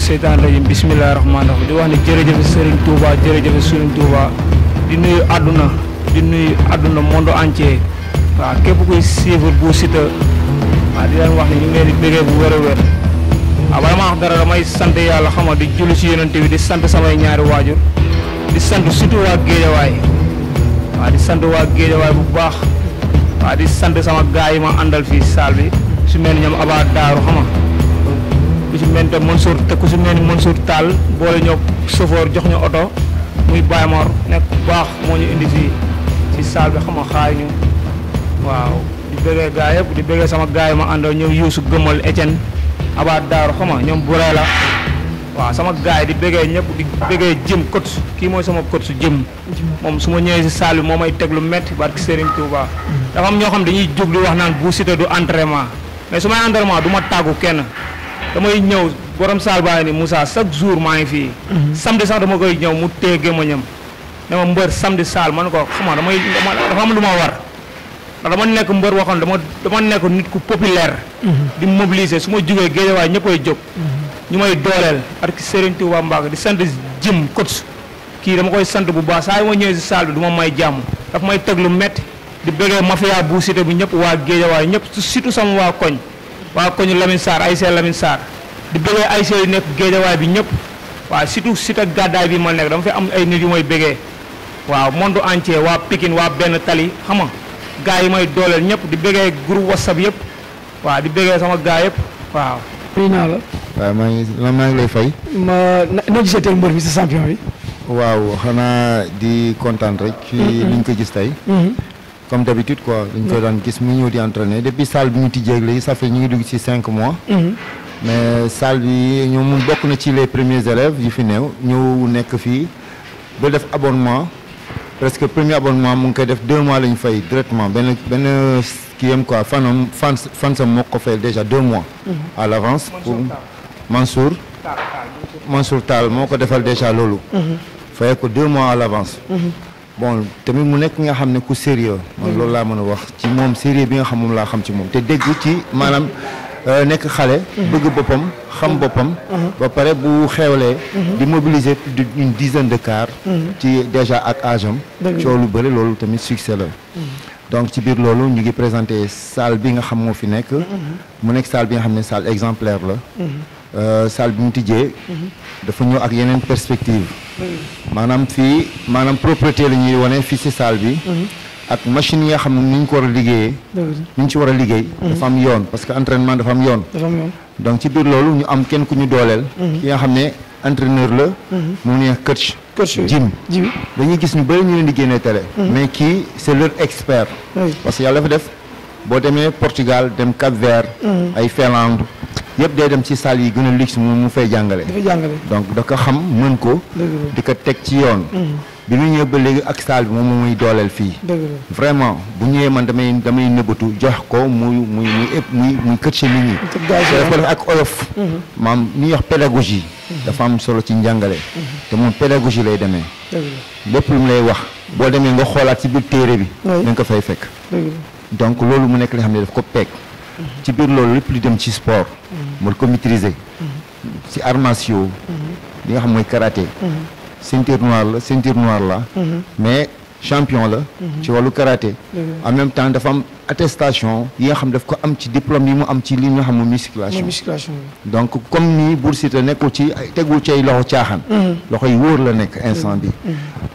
mina seytaan rajim bisimilah rahmaani rahim di wax ne jërëjëf Serigne Touba jërëjëf Serigne Touba di nuyu àdduna di nuyu àdduna monde entier waaw képp kuy suivre bu Siteu waaw di leen wax ne ñu ngi leen di bu wér a wér waaw bala dara damay sant yàlla xam nga di julli ci yonent bi di sant samay ñaari waajur di sant surtout waa Géejawaay waaw di sant waa Géejawaay bu baax waaw di sant sama gaay ma àndal fii saal bi su mel ni ñoom Aba Daaru xam nga ci mel ni Mansour te ku ci mel ni Mansour Tall boole ñoo chauffeur jox ñu oto muy Baye Mor nekk bu baax moo ñu indi fii ci salle bi xam nga xaay ñu waaw di bëggee gaa yëpp di bëggee sama gaa yi ma àndal ñoom Youssou Gëmal Etienne Abad Daaru xam ñoom Buree la waaw sama gaa yi di bëggee ñëpp di bëggee jëm kot kii mooy sama kot su jëm moom su ma ñëwee ci salle bi moo may teg lu métti barke Serigne Touba dafa am ñoo xam dañuy jóg di wax naan bu Siteu du entraînement mais su may entraînement du ma tàggu kenn damay ñëw borom saal baa ni Moussa chaque jour maa ngi fii. Mhm. samedi sax dama koy ñëw mu téye gémmiñam ne ma mbër samedi saal man ko xam damay dafa am lu ma war ndax dama nekk mbër waxoon dama dama nekk nit ku populaire. Mhm. di mobiliser su ma jugee géejawaay ñëppay jóg. Mhm. ñu may dooleel ak Serigne Touba Mbacke di sant jëm kot kii dama koy sant bu baax saa yi ma ñëwee si saal bi du may jàmm daf may teg lu métti di bëggee mafia bu cité bi ñëpp waa géejawaay ñëpp surtout sama waa koñ. waa koñu Lamine Sarr ASC Lamine Sarr di bëggee ay yu nekk géejawaay bi ñëpp waaw surtout site ak gàddaay bi ma nekk dama fi am ay nit yu mooy bëggee waaw monde entier waa Pikine waa benn tali xam nga gars yi mooy dooleel ñëpp di bëggee group whatsapp yëpp waaw di bëggee sama gars yëpp waaw. nuyu naa la. waaw maa ngi maa ngi lay fay. ma noo gisee teel mbër bi sa champion bi. waaw xanaa di kontaan rek. ci liñ mm-hmm. ko gis tey. Mm-hmm. comme d'habitude quoi dañ koy daan gis mu ñëw di entraîner depuis salle bi ñu tijjeeg léegi ça fait ñu ngi dugg ci cinq mois mm-hmm. mais salle bi ñoom bokk na ci les premiers élèves yu fi néew ñëw nekk fii ba def abonnement presque premier abonnement mu ngi koy def deux mois la fay directement benn benn kii am quoi fanam fan fansam moo ko fay déjà deux mois mm-hmm. à l'avance pour Mansour Mansour Tall moo ko defal déjà loolu mm-hmm. fayee ko deux mois à l'avance bon tamit mu nekk nga xam ne ku sérieux man mm-hmm. loolu laa mën a wax ci moom sérieux bi nga xam moom laa xam ci moom te dégg ci maanaam euh, nekk xale mm-hmm. bëgg boppam xam mm-hmm. boppam ba pare bu xewlee di mobiliser plus d'une dizaine de cars ci déjà ak âge am coow lu bëri loolu tamit succès la donc ci biir loolu ñu ngi présenté salle bi nga xam moo fi nekk mu nekk salle bi nga xam ne salle exemplaire la Euh, salle bi mu tijjee. dafa ñëw ak yeneen perspective maanaam fii maanaam propriété la ñuy wane fii si salle bi. ak machine yi nga xam ne ni ñu ko war a liggéeyee. ni ñu ci war a liggéey. dafa am yoon parce que entraînement dafa am yoon. dafa donc ci biir loolu ñu am kenn ku ñu dooleel. ki nga xam ne entraîneur la. mu ne coach. coach gym dañuy gis ñu bëri ñu leen di génnee télé. mais kii c'est leur expert. parce que yàlla dafa def boo demee Portugal dem Cap-Vert. Mm. ay Finlande. yëpp day dem ci salle yi gën a luxe mu mu fay jàngale donc da ko xam mën ko di ko teg ci yoon mm-hmm. bi mu ñëw ba léegi ak saal bi moom moo muy dooleel fii vraiment bu ñëwee man damay damay nëbbatu jox ko muy muy muy ëpp muy muy nit ñi dafa def ak olof mm-hmm. maam ñuy wax pédagogie mm-hmm. dafa am solo ci njàngale te moom pédagogie lay demee lépp lu mu lay wax boo demee nga xoolaat ci biir téere bi da ko fay fekk donc loolu mu nekk li xam ne daf ko peeg ci biir loolu lépp lu dem ci sport. Mm-hmm. mën ko maîtriser. Mm-hmm. ci arts martiaux mm-hmm. li nga xam mooy karaté. ceinture noire la ceinture noire la. mais champion la. ci wàllu karaté. en même temps dafa am attestation yi nga xam daf ko am ci diplôme yi mu am ci li nga xam mooy musculation. donc comme ni Bour nekkul ci tegul ci ay loxo caaxaan. loxo yi wóor la nekk instant bi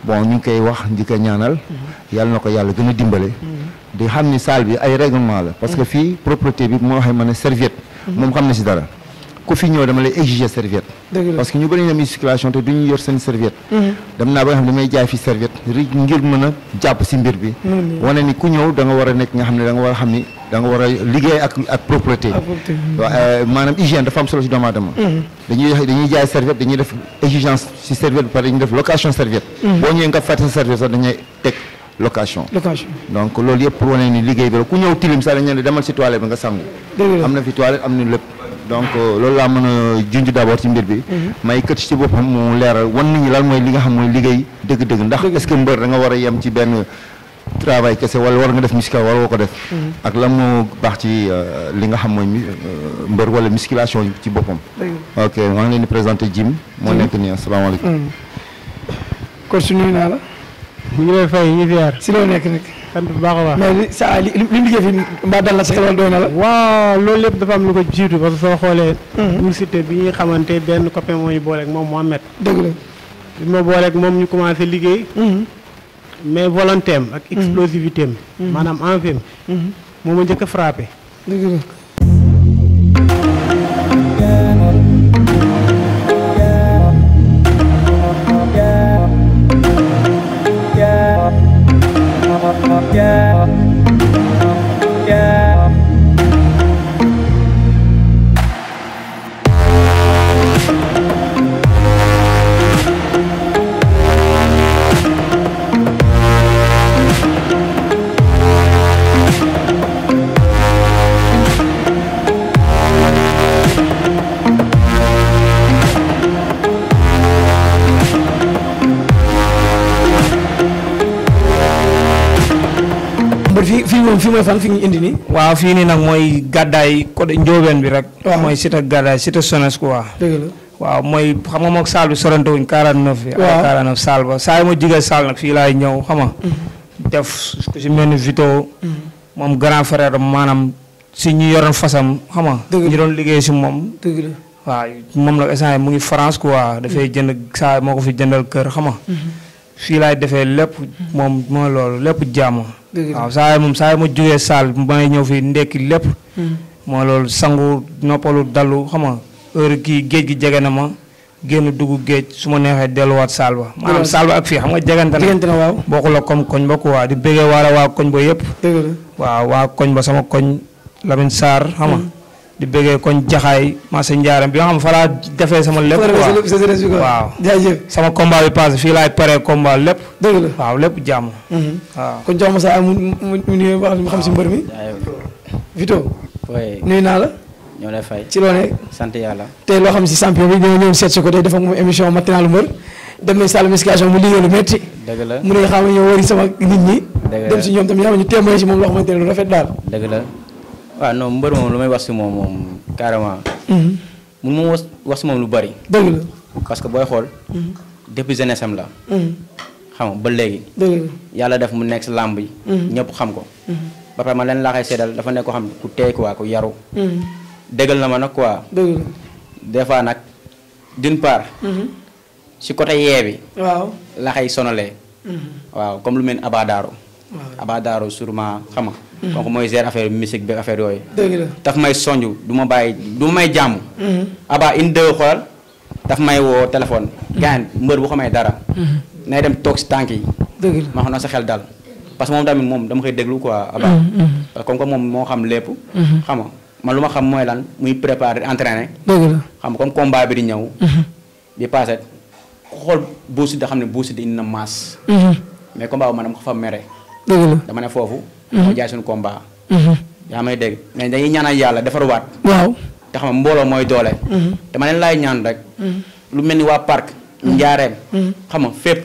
bon ñu ngi koy wax di ñaanal. yàlla na ko yàlla gën a dimbale. di xam ni salle bi ay règlement la parce que mm. fii propreté bi moo waxee ma ne serviette mm-hmm. moom xam na si dara ku fi ñëw dama lay exiger serviette parce que ñu bëri ñu dem circulation te duñu yor seen serviette mm-hmm. dem naa ba nga xam ne damay a da nga war a nekk nga xam a xam ni da war a liggéey ak ak mm-hmm. euh, maanaam hygiène dafa am solo si doomu dañuy dañuy jaay serviette dañuy def exigence si serviette bi pare dañuy def location serviette boo ñëwee nga fàtte sa serviette sax location. location donc loolu yëpp pour wane ni liggéey bi la ku ñëw tilim sax dañu ne demal si toilette bi nga sangu. am na fi toilette am na lépp. donc euh, loolu laa mën a junj d' abord ci mbir bi. Mhm. may kët ci boppam mu leeral wan nañu lan mooy li nga xam mooy liggéey dëgg-dëgg. ndax est-ce que mbër da nga war a yem ci benn travail kese wala war nga def musculation wala woo ko def. Mhm. ak lan moo baax ci euh, li nga xam mooy euh, mbër wala musculation ci boppam. ok maa ngi leen di présenté Jim. moo nekk nii asalaamaaleykum. kon mm. bu ñu lay fay ñu si loo nekk nag. sant baax a baax. mais li sa li li liggéey fi mbaa dal na sa xel wala la. waaw loolu lépp dafa am lu ko jiitu parce que soo xoolee. Hmm. Buur Siteu bi ñuy xamante benn copain moo ñu booleeg moom Mohamed. dëgg la bi ma booleeg moom ñu commencé liggéey. Hmm. mais volonté am ak hmm. explosivité am. maanaam envie am. moo ma njëkk a frappé. dëgg yeah. kon fii mooy fan fi ñu indi nii. waaw fii nii nag mooy gàddaay côté njóobeen bi rek. waaw mooy cité gàddaay cité Sones quoi. dëgg waaw mooy xam nga moog saal bi sorante wuñ 49. waaw ay 49 saal ba saa yi ma saal nag fii laay ñëw xam nga. Mhm. def ku si mel ni Vito. Mhm. moom grand frère maanaam si ñu yoroon fasam xam nga. doon liggéey si moom. dëgg la waaw moom nag instant mu ngi France quoi. Mhm. dafay jënd saa moo ko fi jëndal kër xam nga. fii laay defee lépp moom mooy loolu lépp jàmm. waaw saa yi moom saa yi ma jógee saal ba may ñëw fii ndekki lépp. Hmm. mooy loolu sangu noppalu dalu xam nga heure kii géej gi jege na ma génn dugg géej su ma neexee delluwaat saal ba. maanaam saal ba ak fii xam nga jegante na. jegante na waaw bokkul la comme koñ ba quoi di bëggee waara waa koñ ba yépp waaw waa koñ ba sama koñ Lamine Sarr xam di bëggee koñ jaxaay marché njaaram bi nga xam fa laa defee sama lépp waaw jaajëf sama combat bi passé fii laay paree combat lépp dëgg la waaw lépp jàmm mhm. waaw kon jox ma saa mu mu nuyoo wax mu xam si mbër mi Vito nuyu naa la ñoo lay fay ci loone sant yàlla tey loo xam si champion bi ñoo ñëw seet si ko tey dafa moom émission matinalu mbër dem nañ salle musculation mu liggéey lu metti la mu ne xam ne ñoo wari sama nit ñi dem si ñoom tamit yaa ñu témoin si moom loo xamante ne lu rafet daal dëgg la waaw non mbër moom lu may wax si moom moom carrément. Mhm. mun moom wax wax si moom lu bari. dëgg la parce que booy xool. Mhm. depuis jeunesse la. Mhm. xam ba léegi. yàlla def mu nekk si làmb yi. ñëpp xam ko. ba pare ma leen laa koy dafa nekk ko xam ku teey quoi ku yaru. dëggal na ma nag quoi. dëgg la des fois nag d'une part. si côté yee bi. waaw laa koy sonalee. waaw comme lu mel ni Abadaro. waaw Abadaro donc mooy gérer affaire musique bi affaire yooyu. dëgg la daf may soñju du ma bàyyi du ma may jàmm. Mm-hmm. abaa une deux xoolal daf may woo téléphone. Mm-hmm. gaan mbër bu xamee dara. Mm-hmm. nay dem toog si tànk yi. dëgg la ma xam na man la xam nga comme combat bi di ñëw. bi passé xool buusi da xam ne buusi di indi na dama ko fa mere. dëgg la dama ne foofu. moo mm-hmm. jaay suñu combat mm-hmm. yaa may dégg mais dañuy ñaanal yàlla defaruwaat waaw te xam mbooloo mooy doole mm-hmm. dama leen laay ñaan rek lu mel ni waa parc njaareem xam nga fépp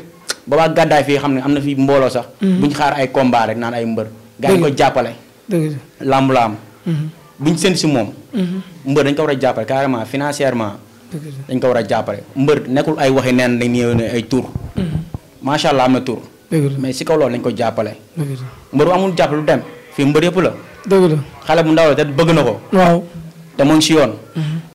ba waa gàddaay fii xam ne am na fi mbooloo sax buñ xaar ay combat rek naan ay mbër gaa ngi ko jàppale lamb lamb buñ seen si moom mbër dañ ko war a jàppale carrément financièrement dañ ko war a jàppale mbër nekkul ay waxi neen dañ ñëw ay tur macha allah am na tur mais si kaw loolu lañ ko jàppale. mbër amul jàpp lu dem fii mbër yëpp la. dëgg la xale bu ndaw la te bëgg na ko. waaw te mu si yoon. Mhm.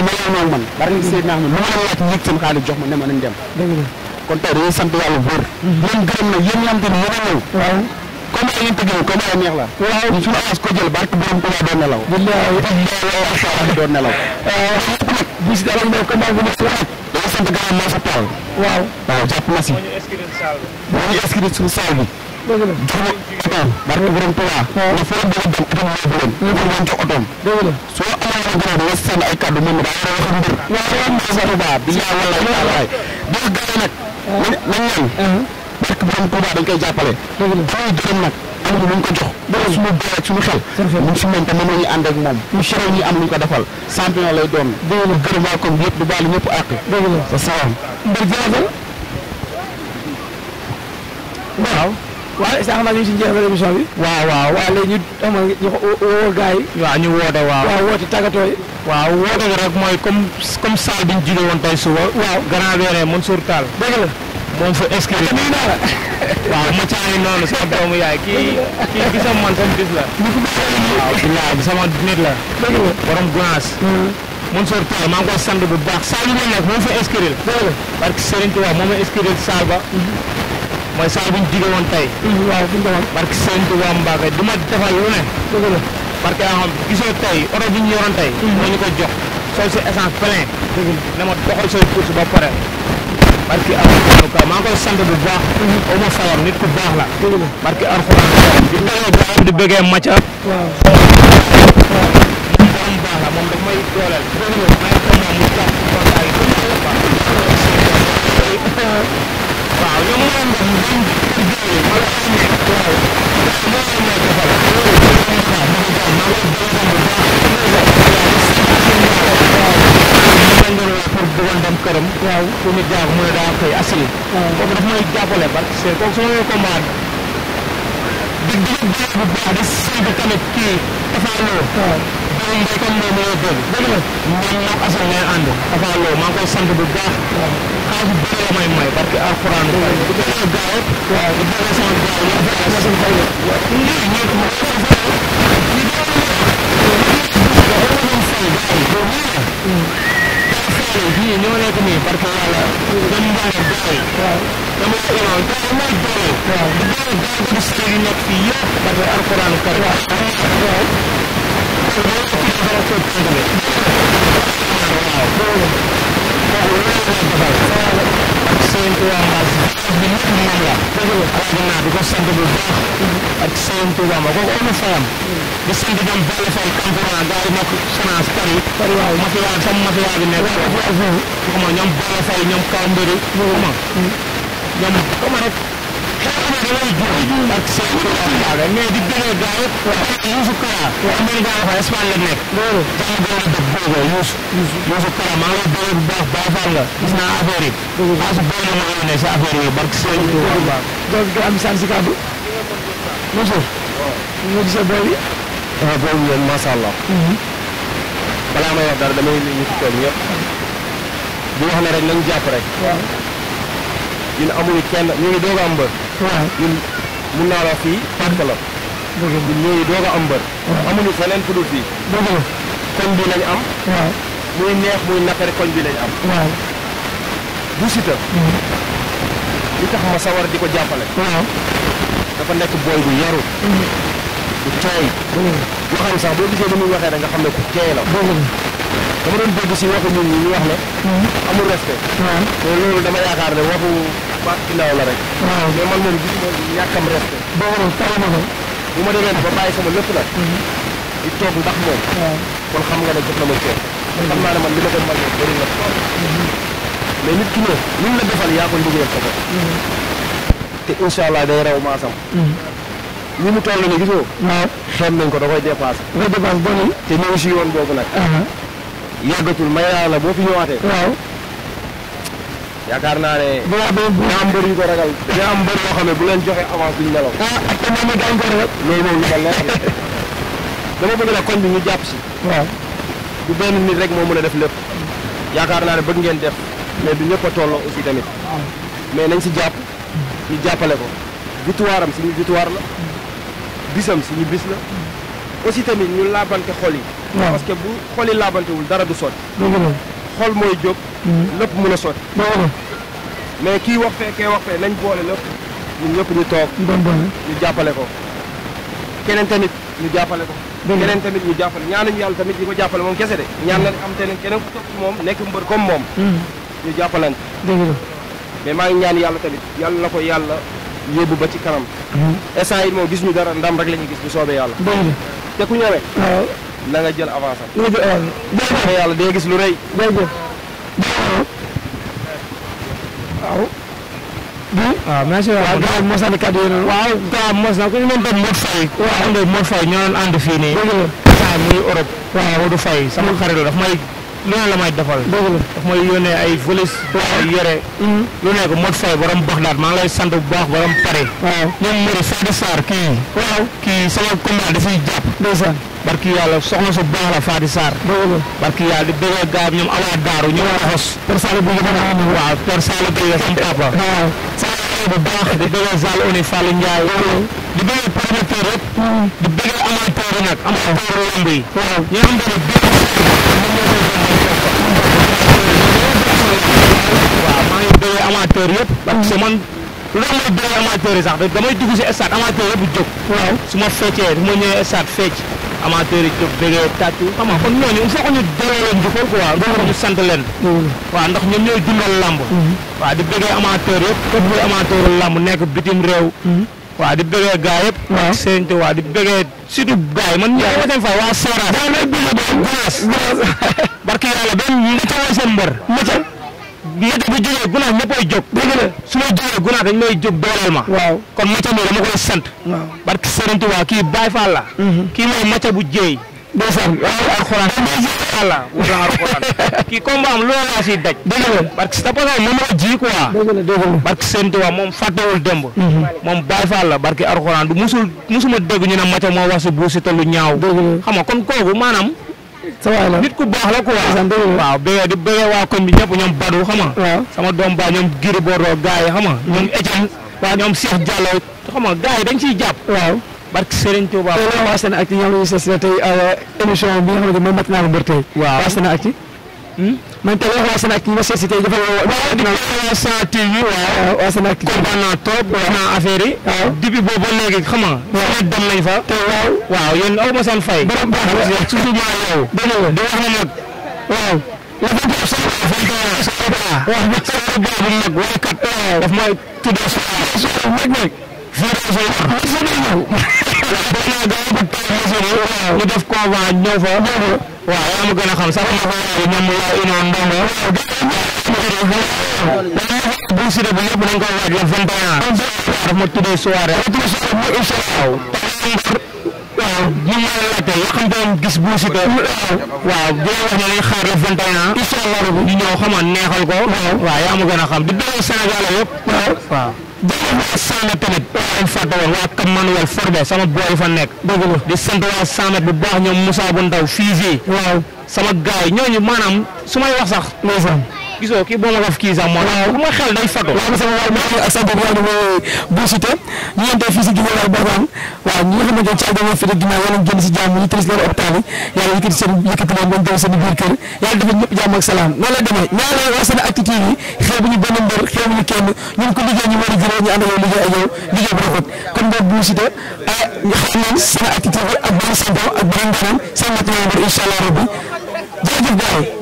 yi ma leen noonu man bari na Seydina Ahmed lu ma leen laaj njëkk ma ne ma nañ dem kon tey dañuy sant yàlla bu wér leen mhm. gërëm nag yéen ñamte ni yéen a ñëw comme ay tëgg comme ay la waaw suñu avance ko jël barke borom Tuuba doon nelaw doon nelaw bu si dara mbay comme bu ma si wax dama sant gërëm tool waaw waaw jàpp na si bu ñu bi Usmaan barke borom Tuubaa na foo bëgg a dem itam moo bëggoon ñu ci otoom soo amee la gën a seen ay kàddu mën na daa war a wax mbir waaw Sëriñ Tuubaa bi yaa wala taalaay doo gën nag nañ ñaan barke borom Tuubaa dañ koy jàppale fooy dërëm nag am ko luñ ko jox dara suñu doole ak suñu xel mu si moom te moom la ñuy ànd ak moom ñu serew ñi am luñ ko defal champion lay doon gërëm waa comme yëpp du baalu ñëpp àq sa sawam mbir jaajëf waaw waaw sax ma ngi si njeexal émission bi. waaw waaw waaw léegi woo gars waaw ñu woote waaw. waaw woote waaw woote bi rek mooy comme comme bi ñu jugee woon tey suba. waaw grand verre Mansour Tall. dëgg la moom la. waaw bilaay bi sama la. dëgg la borom hmm. moom fa inscrit. dëgg la parce que Serigne moom la inscrit salle ba. Hmm. mooy saa bu ñu digee woon tey. Mm-hmm. waaw fi mu ko waxee. barke Sëriñ Tuubaa Mbàkke du ma defal lu ne. dëgg la barke yaa gisoo tey oto bi ñu yoroon tey. moo mm-hmm. ñu ko jox soo si essence plein. dëgg ma doxal say course ba pare. barke Alxuraan maa koy sant bu baax. Mm-hmm. au moins sawar nit ku baax la. moom baax may dooleel. waaw ñoom moo am këram waaw fu nit jaar mu ne daa koy asile kooku daf may jàppale parce que kooku su ma nee combat di di bu baax di saytu tamit kii Tafaaloo. waaw Baye Mbaye comme moom la bëgg. dëgg la man moom Assane lay ànd. Tafaaloo maa ngi koy sant bu baax. waaw xaalis bu bëri la may may parce que alxuraan. waaw bu dee sama gaaw. waaw bu dee sama gaaw yow bëri na sama gaaw. waaw ñun ñëpp ma ko bëri. ñu doon wax. ñu doon fay gaaw boo mën la. Tafaaloo bii ñoo nekk nii parce que yàlla. dañu mën a doole. waaw dama ko doon dama mën a doole. waaw. université yi nekk fii yëpp dafa alquran kar waaw so mo ko ci dara ko ci dara waaw sëñ Tuuba Mbass bi nit moom la naa di ko sant bu baax ak sëñ Tuuba ma kooku amul fayam di sant dem Balla Fall Kampala daal di nekk semence Paris Paris waaw mafia sama mafia bi nekk xam nga ñoom Balla Fall ñoom Kaw Mbëri xam nga ñoom xam rek ak seen mais di gënee gaaw Youssou Kara Amérique fa Espagne la nekk loolu daa gën a def boobu Youssou Youssou Kara maa ngi bëgg bu baax baax faal la gis naa affaire yi asu bëri na maa ngi ne si affaire yi barke seen donc du am saan si kàddu monsieur nga gisee boobu waaw boobu yéen macha allah balaa may wax dara damay nuyu ñu fi toog ñëpp di wax ne rek nañ jàpp rek ñun amuñu kenn ñu ngi doog a am mbër waaw ñun mun naa la fii parc la ñun ñooyu doog a am mbër amuñu feneen fu dul fii koñ bi am waaw muy neex muy naqari koñ bi lañ am bu Siteu mm-hmm. li tax ma sawar di ko jàppale waaw dafa nekk booy bu yaru mm-hmm. bu tooy waxam sax boo gisee ni muy waxee rek nga xam ne ku tooy la dama doon dégg si waxu nit ñi ñu wax ne mm-hmm. amul respect te loolu dama yaakaar ne waxu baat ginnaaw la rek. waaw mais man moom gisuma ñàkkam respect. boo waral taw na bu ma demee ba bàyyi sama lépp nag. Mm-hmm. di toog ndax moom. kon xam nga ne jot na ma cër. Mm-hmm. xam naa ne man li ma doon mm-hmm. mais nit gis nga. nañ ko da koy dépassé. da te ñëw si yoon boobu nag. Uh-huh. yàggatul may naa la boo fi ñëwaatee. waaw. yaakaar naa ne. balaa boobu bu am bëri yu ko ragal. dina am bëri yoo xam ne bu leen joxe avance duñ nelaw. ah ak tamit ma gàllankoor rek. loolu moom dama bëgg nag bi ñu jàpp si. waaw benn nit rek moo mën a def lépp. yaakaar naa ne bëgg ngeen def mais du ñëpp a tolloo aussi tamit. mais nañ si jàpp ñu jàppale ko. victoire si suñu victoire la. bisam suñu bis la. aussi tamit ñu laabante xol yi. parce que bu xol yi laabantewul dara du sotti. xol mooy jóg. lépp mën a sotti. mais kii wax fee kee wax fee nañ boole lépp ñun ñëpp ñu toog. ñu jàppale ko. keneen tamit ñu jàppale ko. keneen tamit ñu jàppale ñaanuñu yàlla tamit ñi ko jàppale moom kese de. ñaan nañ am teneen keneen ku topp moom nekk mbër comme moom. Hmm. ñu jàppalante. mais maa ngi ñaan yàlla tamit yàlla na ko yàlla yóbbu ba ci kanam. Hmm. instant yi moom gis ñu dara ndam rek la ñuy gis bu soobee yàlla. te ku ñëwee. na nga jël avance na nga jël avance am. yàlla day gis lu rëy. Ah, waaw merci waaw gars mos a kàddu yi waaw gars mos na ku ñu doon Modou Faye waaw ande Modou Faye ñoo doon ànd fii nii saa muy Europe waaw Modou la daf may lu ne la may defal daf may yónnee ay volis ay yore yónnee mm-hmm. ko Modou Faye borom Bagdad maa ngi lay sant bu baax borom Paris ñoom Modou Faye Sarr kii waaw kii sama combat dafay jàpp barki yàlla soxna su baax la Faty Sarr. dëgg la barki yàlla di bëgg gaab ñoom amaa daaru ñoom xos. per Saalum bi nga xam ne waaw per Saalum bi nga xam papa. waaw Saalum bu baax di bëgg Sall Oni Fallou Ndiaye. di bëgg promoteur rek. di bëgg amateur nag amateur lamb yi. waaw ñu am benn benn waaw maa ngi bëgg amateur yëpp. Mm. parce que man. lu tax may bëgg amateur yi sax damay dugg si stade amateur yëpp jóg. waaw su ma feccee su ma ñëwee stade fecc. amateur yi daf bëggee tàccu xam nga kon ñu sant leen mm-hmm. waaw ndax ñoom ñooy dundal làmb mm-hmm. waaw di bëggee amateur yëpp képp kuy amateur làmb nekk bitim réew mm-hmm. waaw di bëggee gaa yëpp ak te waaw di bëggee surtout gaa man ñi ma fa waa Soras barki benn ñu nga seen mbër yéen bu jógee gunóor ñëppay jóg. dëgg la su ma jógee gunóor dañ may jóg dooleel ma. kon macha allah dama koy sant. waaw barke Sëriñ Tuubaa kii Baay Faal mhm. kii mooy macha bu jéey. doo sax waaw alxuraan. voilà wala alxuraan. kii comme am loolu laa siy daj. dëgg la parce que dafa moom fàttewul démb. Mhm. moom Baay Faal la barke alxuraan musul musuma dégg ñu ne macha moo wax si buusi te lu ñaaw. dëgg la xam nga maanaam. sa waay la nit ku baax la quoi. waa koñ bi ñëpp sama doom ba ñoom Giri Bordeaux gars yi xam nga. Mm-hmm. ñoom Etienne. waaw ñoom Cheikh Diallo xam nga dañ ciy jàpp. waaw barke Serigne Touba. tey loolu waa seen ak ci ñoom ñu ngi sës tey euh, bi nga xamante ne moom waaw man tamit wax waa Sénégal ma seet si tey dafa waaw di waa Sen TV waaw waa Sénégal kontaan naa trop naa affaire yi waaw depuis boobu ba léegi xam dem nañ fa te waaw waaw yéen aw fay borom baax la surtout maa yow la di wax na nag waaw dafa ko sa sa wax ba sa baabu nag waaye kat daf ñu def ko ba ñëw fa waaw yaa ma gën a xam sax ñoom waa Union Ndongo bu si bu ñëpp dañ ko waaj le 21 daf ma tuddee soirée waaw moom laa laajte yoo xam te gis Bou Siteu. waaw di la wax ne lañ xaar le 21 ans. incha allah ñu xam nga neexal ko. waaw yaa ma gën a xam di déglu Sénégal yëpp. waaw déglu waa Samet tamit. waaw fàtte waa Cap Manuel Forbe sama boy fa nekk. dëgg la di sant waa Samet bu baax ñoom Moussa bu ndaw fii fii. waaw sama gars yi ñooñu maanaam su may wax sax. gisoo kii boo ma raf kii sax moo. waaw bu ma si ginnaaw waay ak salaam noonu a ak yow liggéey ak yow liggéey bu rafet kon boobu Bou ah,